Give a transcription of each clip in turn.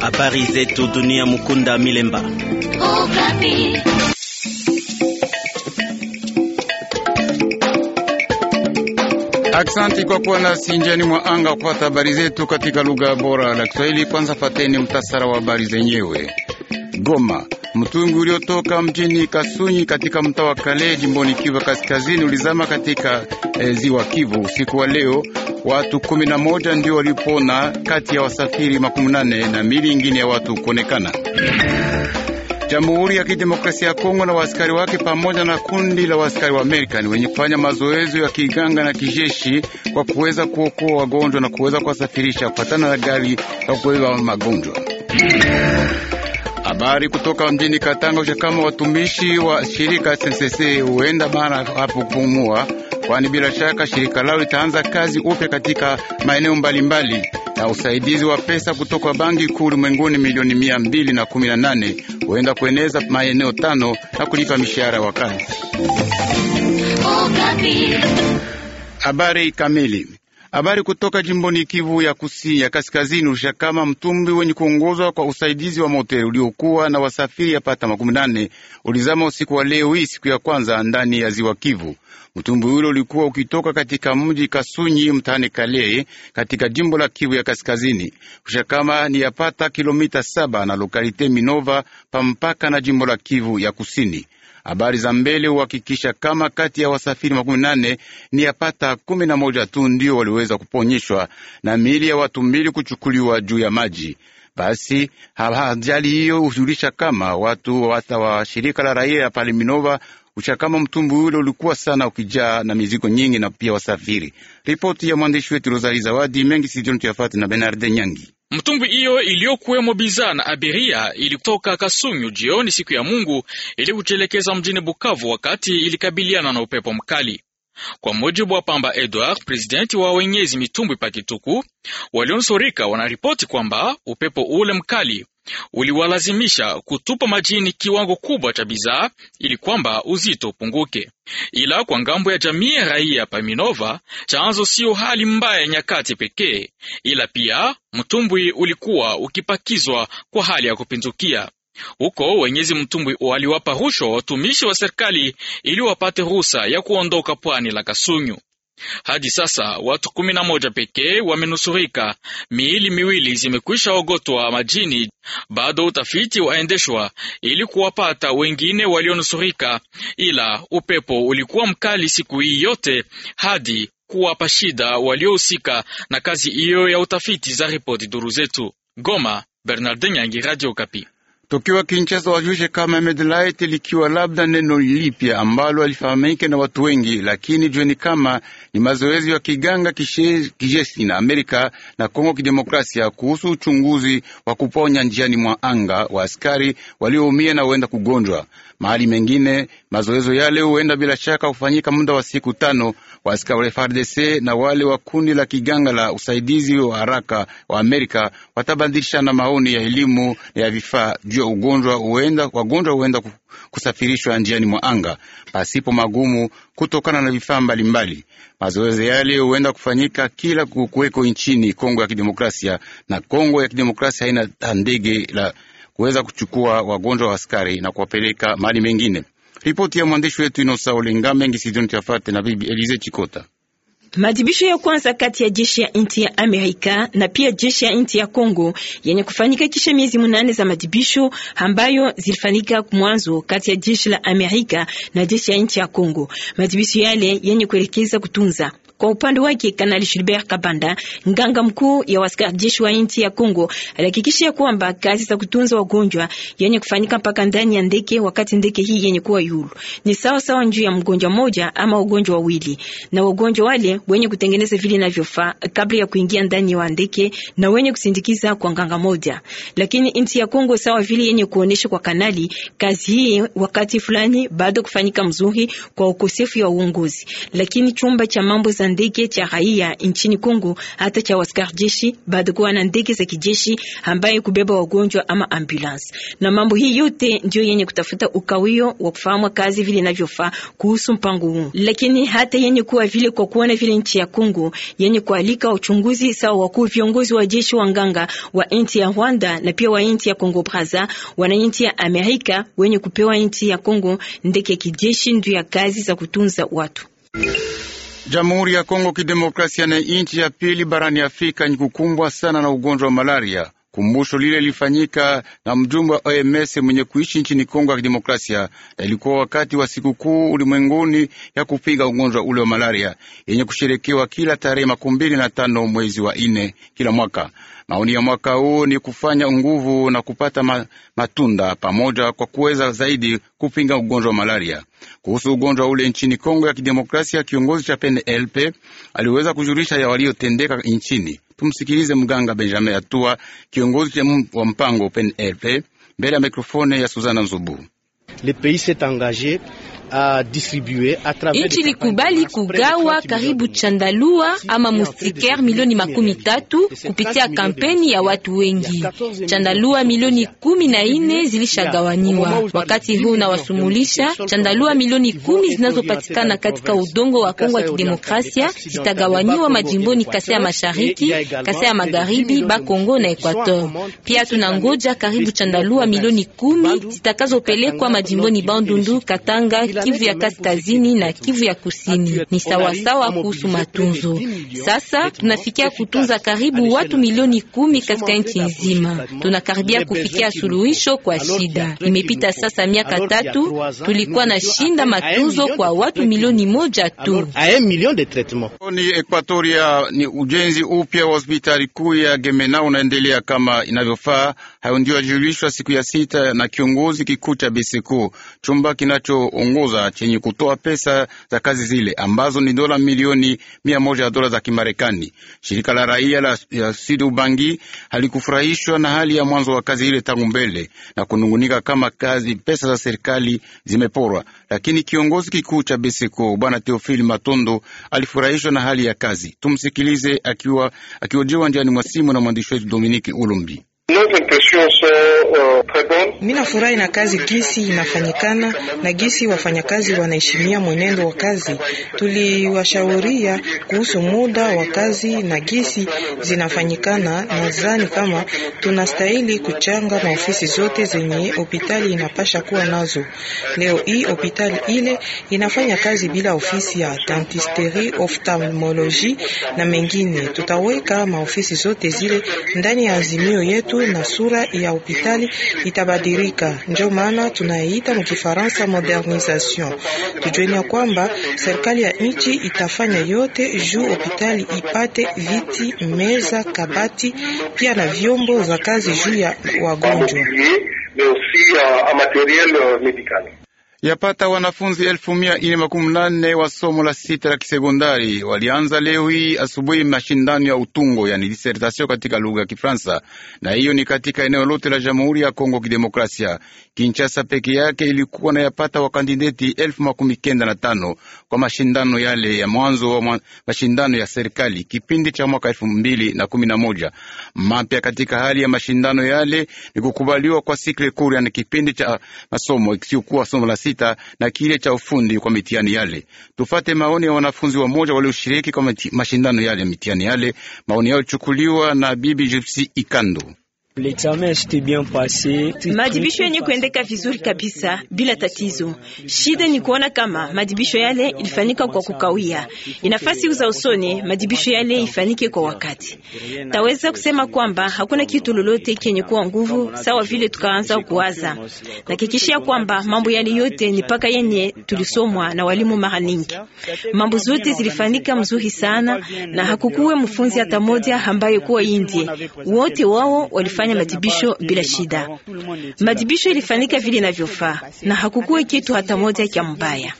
Habari zetu dunia, Mukunda Milemba. Okapi. Aksanti kwa kuwa nasi njiani mwa anga kupata habari zetu katika lugha bora la Kiswahili. Kwanza pateni mtasara wa habari zenyewe. Goma, mtungi uliotoka mjini Kasunyi katika mtaa wa Kale jimboni Kivu Kaskazini ulizama katika eh, ziwa Kivu usiku wa leo watu moja ndio walipona kati ya wasafiri makumi nane na mili ingine ya watu kuonekana. Jamhuri ya Kidemokrasia ya Kongo na waaskari wake pamoja na kundi la waaskari wa Amerika wenye kufanya mazoezo ya kiganga na kijeshi kwa kuweza kuokoa wagonjwa na kuweza kuwasafirisha kufatana na gari la kubeba magonjwa. Habari kutoka mjini Katanga usha kama watumishi wa shirika SNCC huenda mara hapo kupumua kwani bila shaka shirika lao litaanza kazi upya katika maeneo mbalimbali na usaidizi wa pesa kutoka banki kuu ulimwenguni milioni mia mbili na kumi na nane huenda kueneza maeneo tano na kulipa mishahara wa oh, Habari kamili Habari kutoka jimboni Kivu ya kusi, ya kaskazini usha kama mtumbi wenye kuongozwa kwa usaidizi wa motel uliokuwa na wasafiri pata makumi nane ulizama usiku wa leo hii, siku ya kwanza ndani ya ziwa Kivu. Mtumbi ule ulikuwa ukitoka katika mji Kasunyi mtaani Kale katika jimbo la Kivu ya kaskazini. kama ni yapata kilomita saba na lokalite Minova pampaka na jimbo la Kivu ya kusini. Habari za mbele huhakikisha kama kati ya wasafiri makumi nane ni yapata kumi na moja tu ndio waliweza kuponyeshwa na miili ya watu mbili kuchukuliwa juu ya maji. Basi ajali hiyo hujulisha kama watu hata wa shirika la raia pale Minova uchakama mtumbu ule ulikuwa sana ukijaa na mizigo nyingi na pia wasafiri. Ripoti ya mwandishi wetu Rosali Zawadi mengi sijoni tuyafati na Benarde Nyangi. Mtumbwi hiyo iliyokuwemo bidhaa na abiria ilitoka Kasunyu jioni siku ya Mungu ili kujielekeza mjini Bukavu wakati ilikabiliana na upepo mkali. Kwa mujibu wa Pamba Edward, presidenti wa wenyezi mitumbwi pa Kituku, walionusurika wanaripoti kwamba upepo ule mkali uliwalazimisha kutupa majini kiwango kubwa cha bidhaa ili kwamba uzito upunguke. Ila kwa ngambo ya jamii ya raia paminova Minova, chanzo siyo hali mbaya ya nyakati pekee, ila pia mtumbwi ulikuwa ukipakizwa kwa hali ya kupindukia. Huko wenyezi mtumbwi waliwapa rushwa watumishi wa serikali ili wapate ruhusa ya kuondoka pwani la Kasunyu. Hadi sasa watu kumi na moja pekee wamenusurika, miili miwili zimekwisha ogotwa majini. Bado utafiti waendeshwa ili kuwapata wengine walionusurika, ila upepo ulikuwa mkali siku hii yote hadi kuwapa shida waliohusika na kazi hiyo ya utafiti, za ripoti duru zetu. Goma, Bernardin Nyangi, Radio Kapi. Tokiwa Kinshasa wajushe kama Medlight likiwa labda neno lipya ambalo alifahamike na watu wengi, lakini jueni kama ni mazoezi ya kiganga kijeshi na Amerika na Kongo Kidemokrasia kuhusu uchunguzi wa kuponya njiani mwa anga wa askari walioumia na huenda kugonjwa mahali mengine. mazoezo yale huenda bila shaka hufanyika muda wa siku tano Waaskari wa FARDC na wale wa kundi la kiganga la usaidizi wa haraka wa Amerika watabadilishana maoni ya elimu ya vifaa juu ya ugonjwa huenda wagonjwa huenda kusafirishwa njiani mwa anga pasipo magumu kutokana na vifaa mbalimbali. Mazoezi yale huenda kufanyika kila kuweko nchini Kongo ya Kidemokrasia, na Kongo ya Kidemokrasia haina ndege la kuweza kuchukua wagonjwa wa askari na kuwapeleka mahali mengine. Ripoti ya mwandishi wetu Inosa Olinga mengi Sidoni Chafate na bibi Elize Chikota. madibisho ya kwanza kati ya jeshi ya nchi ya Amerika na pia jeshi ya nchi ya Kongo yenye kufanyika kisha miezi munane za madibisho ambayo zilifanyika mwanzo kati ya jeshi la Amerika na jeshi ya nchi ya Kongo. madibisho yale yenye kuelekeza kutunza kwa upande wake, Kanali Gilbert Kabanda, nganga mkuu ya askari jeshi wa nchi ya Kongo, alihakikishia kwamba kazi za kutunza wagonjwa yenye kufanyika mpaka ndani ya ndege, wakati ndege hii yenye kuwa yulu ni sawa sawa juu ya mgonjwa moja ama wagonjwa wawili, na wagonjwa wale wenye kutengeneza vile inavyofaa kabla ya kuingia ndani ya ndege na wenye kusindikiza kwa nganga moja. Lakini nchi ya Kongo sawa vile yenye kuonesha kwa kanali kazi hii wakati fulani bado kufanyika mzuri kwa ukosefu wa uongozi, lakini chumba cha mambo za za ndege cha raia nchini Kongo, hata cha waskari jeshi bado kuwa na ndege za kijeshi ambaye kubeba wagonjwa ama ambulance. Na mambo hii yote ndio yenye kutafuta ukawio wa kufahamu kazi vile inavyofaa kuhusu mpango huu, lakini hata yenye kuwa vile kwa kuona vile nchi ya Kongo yenye kualika uchunguzi sawa wakuu viongozi wa jeshi wa nganga wa nchi ya Rwanda na pia wa nchi ya Kongo Brazza, wananchi ya Amerika wenye kupewa nchi ya Kongo ndege kijeshi ndio ya kazi za kutunza watu. Jamhuri ya Kongo Kidemokrasia na nchi ya pili barani Afrika ni kukumbwa sana na ugonjwa wa malaria. Kumbusho lile lilifanyika na mjumbe wa OMS mwenye kuishi nchini Kongo ya Kidemokrasia, na ilikuwa wakati wa sikukuu ulimwenguni ya kupiga ugonjwa ule wa malaria yenye kusherekewa kila tarehe makumi mbili na tano mwezi wa nne kila mwaka. Maoni ya mwaka huu ni kufanya nguvu na kupata matunda pamoja kwa kuweza zaidi kupinga ugonjwa wa malaria. Kuhusu ugonjwa ule nchini Kongo ya Kidemokrasia, kiongozi cha PNLP aliweza kujulisha ya waliotendeka nchini. Tumsikilize mganga Benjamin Atua, kiongozi wa mpango PNLP, mbele ya mikrofone ya Suzana Nzubu. Nchi likubali kugawa karibu chandalua ama mustikere milioni makumi tatu kupitia kampeni ya watu wengi. Chandalua milioni kumi na ine zilishagawaniwa. Wakati huu wasumulisha chandalua milioni kumi zinazopatikana katika udongo wa Kongo ya Kidemokrasia zitagawaniwa majimboni Kasai ya Mashariki, Kasai ya Magharibi, Bakongo na Ekwator. Pia tunangoja karibu chandalua milioni kumi zitakazopelekwa majimboni Bandundu, Katanga Kivu ya kaskazini na Kivu ya kusini ni sawasawa kuhusu matunzo. Sasa tunafikia kutunza karibu watu milioni kumi katika nchi nzima, tunakaribia kufikia suluhisho kwa shida. Imepita sasa miaka tatu, tulikuwa na shinda matunzo kwa watu milioni moja tu. Ni Ekwatoria, ni ujenzi upya wa hospitali kuu ya Gemena unaendelea kama inavyofaa. Hayo ndio yajulishwa siku ya sita na kiongozi kikuu cha Beseco, chumba kinachoongoza chenye kutoa pesa za kazi zile ambazo ni dola milioni mia moja ya dola za Kimarekani. Shirika la raia la ya Sud Ubangi halikufurahishwa na hali ya mwanzo wa kazi ile tangu mbele na kunungunika kama kazi pesa za serikali zimeporwa, lakini kiongozi kikuu cha Beseco bwana Teofili Matondo alifurahishwa na hali ya kazi. Tumsikilize akiwa akiojewa njiani mwa simu na mwandishi wetu Dominiki Ulumbi. Euh, Mina furahi na kazi gisi inafanyikana na gisi wafanyakazi wanaheshimia mwenendo wa kazi. Tuliwashauria kuhusu muda wa kazi na gisi zinafanyikana. Nadhani kama tunastahili kuchanga maofisi zote zenye hopitali inapasha kuwa nazo. Leo hii hopitali ile inafanya kazi bila ofisi ya dentisteri, oftalmoloji na mengine. Tutaweka maofisi zote zile ndani ya azimio yetu yetu na sura ya hospitali itabadilika. Ndio maana tunaiita mkifaransa modernization. Tujueni ya kwamba serikali ya nchi itafanya yote juu hospitali ipate viti, meza, kabati pia na vyombo za kazi juu ya wagonjwa. Euh, euh, yapata wanafunzi elfu mia ine makumi nane wa somo la sita la kisekondari walianza leo hii asubuhi mashindano ya utungo, yani disertasio katika lugha ya Kifransa, na hiyo ni katika eneo lote la Jamhuri ya Kongo Kidemokrasia. kinchasa peke yake ilikuwa na yapata wakandideti elfu makumi kenda na tano kwa mashindano yale ya mwanzo wa mashindano ya serikali kipindi cha mwaka elfu mbili na kumi na moja. Mapya katika hali ya mashindano yale ni kukubaliwa kwa sikle kuri, yani kipindi cha masomo isiyokuwa somo la sita sita na kile cha ufundi kwa mitihani yale. Tufate maoni ya wanafunzi wa moja walioshiriki kwa mashindano yale mitihani yale. Maoni yao chukuliwa na bibi Jipsi Ikando. Maadhibisho yenye kuendeka vizuri kabisa bila tatizo. Shida ni kuona kama madibisho yale ilifanyika kwa kukawia. Inafasi za usoni madibisho yale ifanyike kwa wakati. Taweza kusema kwamba hakuna kitu lolote kenye kuwa nguvu sawa vile tukaanza kuwaza. Na kikishia kwamba mambo yale yote ni paka yenye tulisomwa na walimu mara nyingi. Mambo zote zilifanyika mzuri sana na hakukuwe mfunzi hata moja ambaye kuwa indie. Wote wao walifanya kufanya matibisho bila shida. Matibisho ilifanyika vile inavyofaa na hakukuwa kitu hata moja kya mbaya.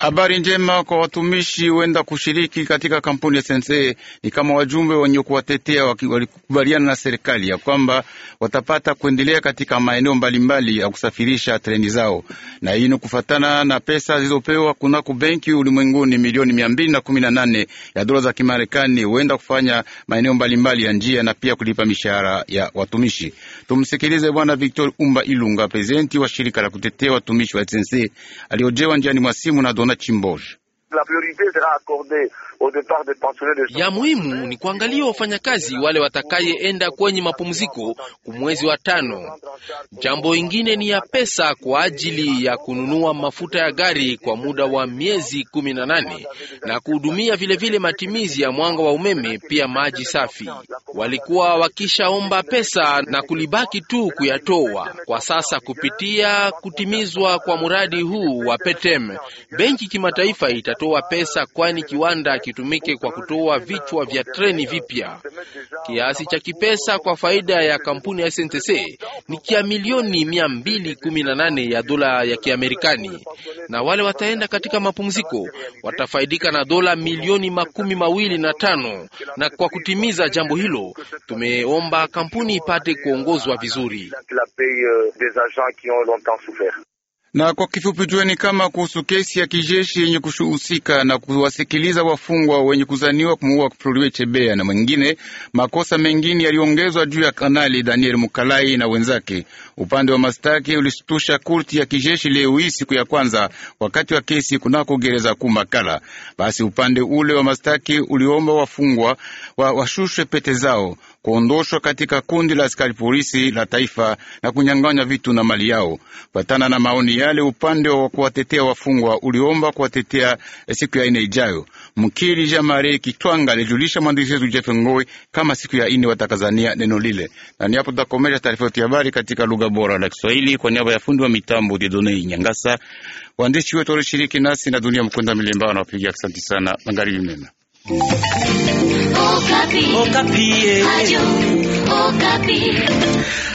Habari njema kwa watumishi wenda kushiriki katika kampuni ya Sense ni kama wajumbe wenye kuwatetea walikubaliana na serikali ya kwamba watapata kuendelea katika maeneo mbalimbali ya kusafirisha treni zao, na hii ni kufatana na pesa zilizopewa kunako benki ulimwenguni milioni mia mbili na kumi na nane ya dola za Kimarekani huenda kufanya maeneo mbalimbali ya njia na pia kulipa mishahara ya watumishi. Tumsikilize Bwana Victor Umba Ilunga, prezidenti wa shirika la kutetea watumishi wa SNC, aliojewa njiani mwa simu na Dona Chimboje. Ya muhimu ni kuangalia wafanyakazi wale watakayeenda kwenye mapumziko kumwezi wa tano. Jambo ingine ni ya pesa kwa ajili ya kununua mafuta ya gari kwa muda wa miezi kumi na nane na kuhudumia vilevile matimizi ya mwanga wa umeme, pia maji safi. Walikuwa wakishaomba pesa na kulibaki tu kuyatoa. Kwa sasa kupitia kutimizwa kwa mradi huu wa Petem, benki kimataifa itatoa pesa, kwani kiwanda ki kitumike kwa kutoa vichwa vya treni vipya. Kiasi cha kipesa kwa faida ya kampuni ya SNTC ni kia milioni 218 ya dola ya Kiamerikani, na wale wataenda katika mapumziko watafaidika na dola milioni makumi mawili na tano. Na kwa kutimiza jambo hilo, tumeomba kampuni ipate kuongozwa vizuri. Na kwa kifupi tueni kama kuhusu kesi ya kijeshi yenye kushuhusika na kuwasikiliza wafungwa wenye kuzaniwa kumuua Floribert Chebeya na mwingine, makosa mengine yaliongezwa juu ya Kanali Daniel Mukalai na wenzake. Upande wa mastaki ulistusha kurti ya kijeshi leo hii siku ya kwanza wakati wa kesi kunako gereza kuu Makala. Basi upande ule wa mastaki uliomba wafungwa washushwe wa pete zao kuondoshwa katika kundi la askari polisi la taifa na kunyang'anywa vitu na mali yao. Patana na maoni yale, upande wa kuwatetea wafungwa uliomba kuwatetea siku ya ine ijayo. Mkili Jamare Kitwanga alijulisha mwandishi wetu Jeff Ngoi kama siku ya ine watakazania neno lile, na ni hapo tutakomesha taarifa yetu ya habari katika lugha bora la Kiswahili kwa niaba ya fundi wa mitambo Dedonei Nyangasa, waandishi wetu walioshiriki nasi na dunia Mkunda Milemba wanawapigia asanti sana. Magharibi mema. Okapi. Oh, Okapi. Oh, eh.